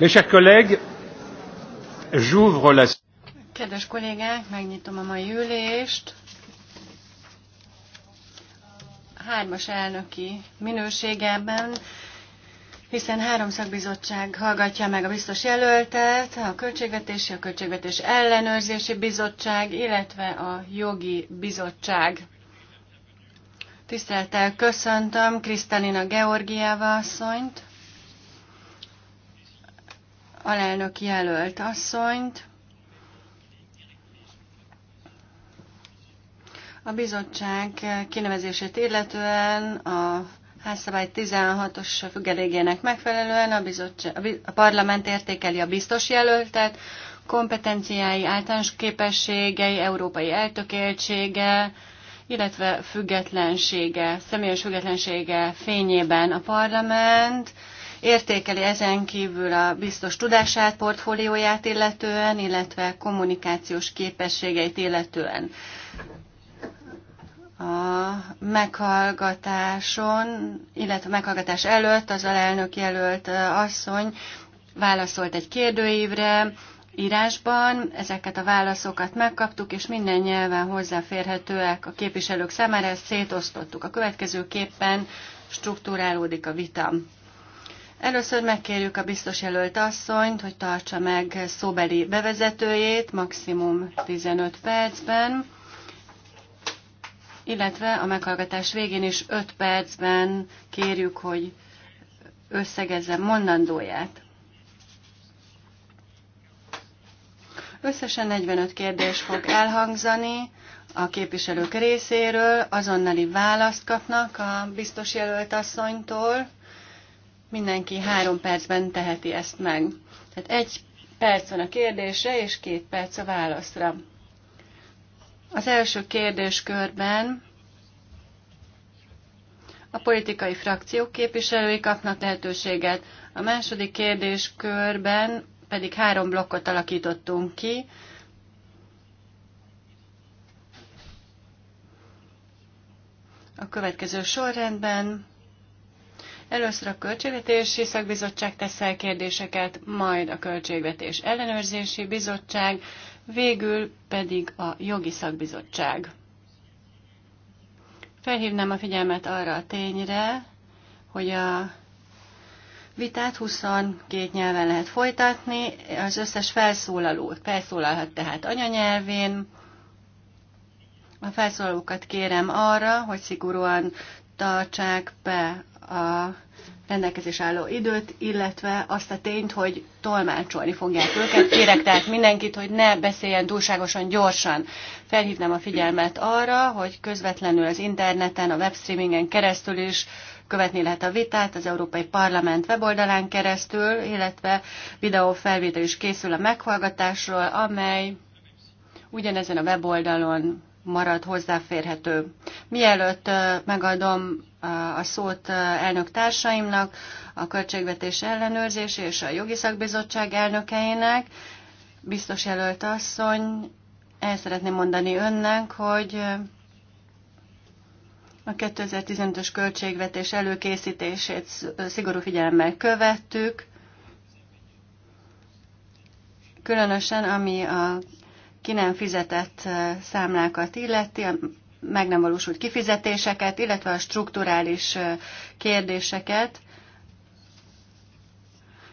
Mes chers collègues, j'ouvre la... Kedves kollégák, megnyitom a mai ülést. Hármas elnöki minőségében, hiszen három szakbizottság hallgatja meg a biztos jelöltet, a Költségvetési, a Költségvetés Ellenőrzési Bizottság, illetve a Jogi Bizottság. Tisztelettel köszöntöm Krisztalina Georgiáva asszonyt alelnök jelölt asszonyt. A bizottság kinevezését illetően a házszabály 16-os függelégének megfelelően a, bizottság, a parlament értékeli a biztos jelöltet, kompetenciái, általános képességei, európai eltökéltsége, illetve függetlensége, személyes függetlensége fényében a parlament értékeli ezen kívül a biztos tudását, portfólióját illetően, illetve kommunikációs képességeit illetően. A meghallgatáson, illetve a meghallgatás előtt az alelnök jelölt asszony válaszolt egy kérdőívre, írásban. Ezeket a válaszokat megkaptuk, és minden nyelven hozzáférhetőek a képviselők számára, ezt szétosztottuk. A következőképpen struktúrálódik a vita. Először megkérjük a biztos jelölt asszonyt, hogy tartsa meg szóbeli bevezetőjét maximum 15 percben, illetve a meghallgatás végén is 5 percben kérjük, hogy összegezze mondandóját. Összesen 45 kérdés fog elhangzani a képviselők részéről, azonnali választ kapnak a biztos jelölt asszonytól. Mindenki három percben teheti ezt meg. Tehát egy perc van a kérdésre, és két perc a válaszra. Az első kérdéskörben a politikai frakciók képviselői kapnak lehetőséget. A második kérdéskörben pedig három blokkot alakítottunk ki. A következő sorrendben Először a Költségvetési Szakbizottság tesz el kérdéseket, majd a Költségvetés Ellenőrzési Bizottság, végül pedig a Jogi Szakbizottság. Felhívnám a figyelmet arra a tényre, hogy a vitát 22 nyelven lehet folytatni, az összes felszólaló felszólalhat tehát anyanyelvén. A felszólalókat kérem arra, hogy szigorúan tartsák be a rendelkezés álló időt, illetve azt a tényt, hogy tolmácsolni fogják őket. Kérek tehát mindenkit, hogy ne beszéljen túlságosan gyorsan. Felhívnám a figyelmet arra, hogy közvetlenül az interneten, a webstreamingen keresztül is követni lehet a vitát az Európai Parlament weboldalán keresztül, illetve videófelvétel is készül a meghallgatásról, amely ugyanezen a weboldalon marad hozzáférhető. Mielőtt megadom a szót elnök társaimnak, a Költségvetés Ellenőrzés és a Jogi Szakbizottság elnökeinek, biztos jelölt asszony, el szeretném mondani önnek, hogy a 2015-ös költségvetés előkészítését szigorú figyelemmel követtük, különösen ami a ki nem fizetett számlákat illeti, a meg nem valósult kifizetéseket, illetve a strukturális kérdéseket,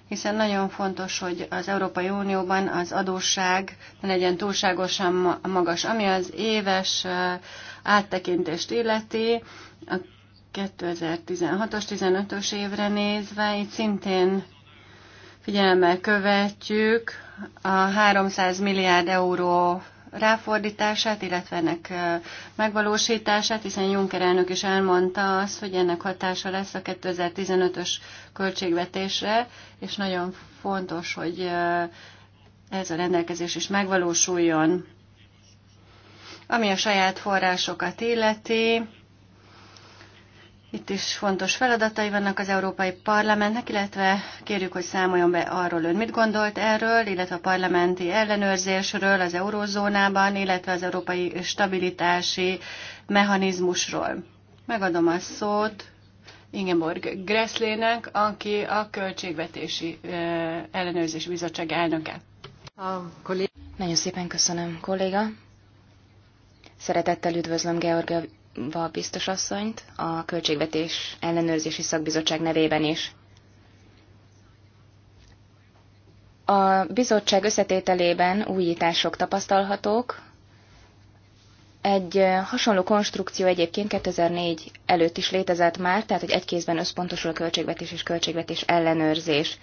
hiszen nagyon fontos, hogy az Európai Unióban az adósság ne legyen túlságosan magas. Ami az éves áttekintést illeti, a 2016-os, 15-ös évre nézve, itt szintén figyelemmel követjük a 300 milliárd euró ráfordítását, illetve ennek megvalósítását, hiszen Juncker elnök is elmondta azt, hogy ennek hatása lesz a 2015-ös költségvetésre, és nagyon fontos, hogy ez a rendelkezés is megvalósuljon. Ami a saját forrásokat illeti, itt is fontos feladatai vannak az Európai Parlamentnek, illetve kérjük, hogy számoljon be arról ön mit gondolt erről, illetve a parlamenti ellenőrzésről az eurózónában, illetve az európai stabilitási mechanizmusról. Megadom a szót Ingeborg Gresslének, aki a Költségvetési Ellenőrzési Bizottság elnöke. A kollég... Nagyon szépen köszönöm, kolléga. Szeretettel üdvözlöm Georgia Georgieva biztos asszonyt a Költségvetés Ellenőrzési Szakbizottság nevében is. A bizottság összetételében újítások tapasztalhatók. Egy hasonló konstrukció egyébként 2004 előtt is létezett már, tehát hogy egy kézben összpontosul a költségvetés és költségvetés ellenőrzés.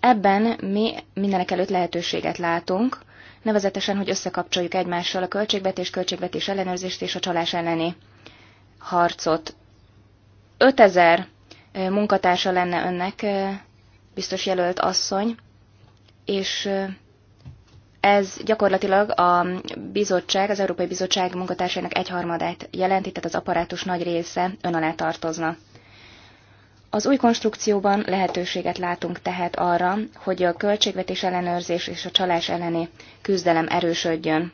Ebben mi mindenek előtt lehetőséget látunk, nevezetesen, hogy összekapcsoljuk egymással a költségvetés, költségvetés ellenőrzést és a csalás elleni harcot. 5000 munkatársa lenne önnek, biztos jelölt asszony, és ez gyakorlatilag a bizottság, az Európai Bizottság munkatársainak egyharmadát jelenti, tehát az apparátus nagy része ön alá tartozna. Az új konstrukcióban lehetőséget látunk tehát arra, hogy a költségvetés ellenőrzés és a csalás elleni küzdelem erősödjön.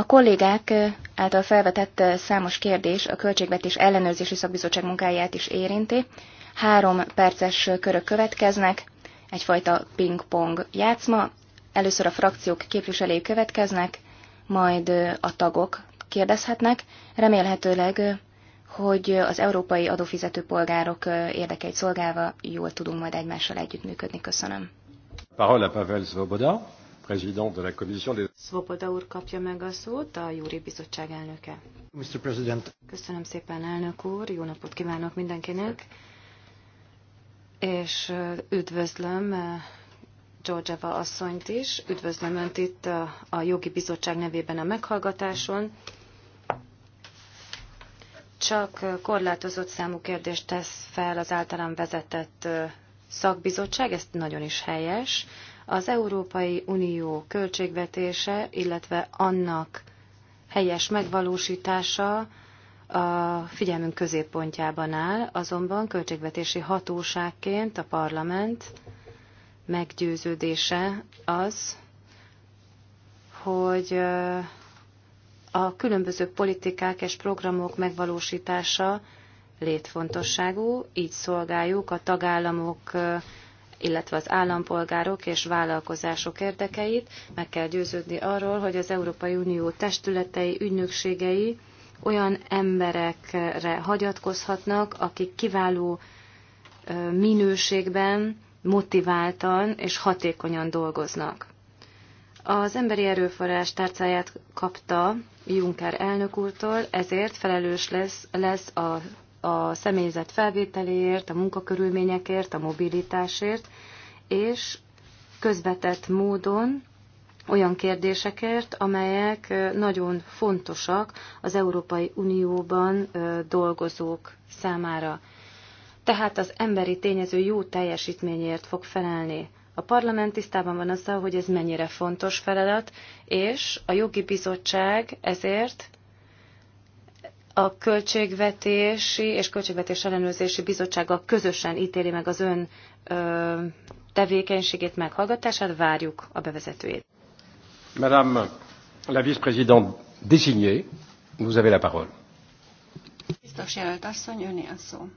A kollégák által felvetett számos kérdés a Költségvetés Ellenőrzési Szakbizottság munkáját is érinti. Három perces körök következnek, egyfajta ping-pong játszma. Először a frakciók képviselői következnek, majd a tagok kérdezhetnek. Remélhetőleg, hogy az európai adófizető polgárok érdekeit szolgálva jól tudunk majd egymással együttműködni. Köszönöm. Parola Pavel Svoboda président de la Commission des... Svoboda úr kapja meg a szót, a Júri Bizottság elnöke. Mr. President. Köszönöm szépen, elnök úr, jó napot kívánok mindenkinek, és üdvözlöm Georgeva asszonyt is, üdvözlöm Önt itt a Jogi Bizottság nevében a meghallgatáson csak korlátozott számú kérdést tesz fel az általam vezetett szakbizottság, ez nagyon is helyes. Az Európai Unió költségvetése, illetve annak helyes megvalósítása a figyelmünk középpontjában áll, azonban költségvetési hatóságként a parlament meggyőződése az, hogy a különböző politikák és programok megvalósítása létfontosságú, így szolgáljuk a tagállamok illetve az állampolgárok és vállalkozások érdekeit. Meg kell győződni arról, hogy az Európai Unió testületei, ügynökségei olyan emberekre hagyatkozhatnak, akik kiváló minőségben, motiváltan és hatékonyan dolgoznak. Az emberi erőforrás tárcáját kapta Juncker elnök úrtól, ezért felelős lesz, lesz a a személyzet felvételéért, a munkakörülményekért, a mobilitásért, és közvetett módon olyan kérdésekért, amelyek nagyon fontosak az Európai Unióban dolgozók számára. Tehát az emberi tényező jó teljesítményért fog felelni. A parlament tisztában van azzal, hogy ez mennyire fontos feladat, és a jogi bizottság ezért a Költségvetési és Költségvetés Ellenőrzési Bizottsága közösen ítéli meg az ön ö, tevékenységét, meghallgatását, várjuk a bevezetőjét. Madame la vice-présidente désignée, vous avez la parole. Biztos jelölt asszony, öné a szó.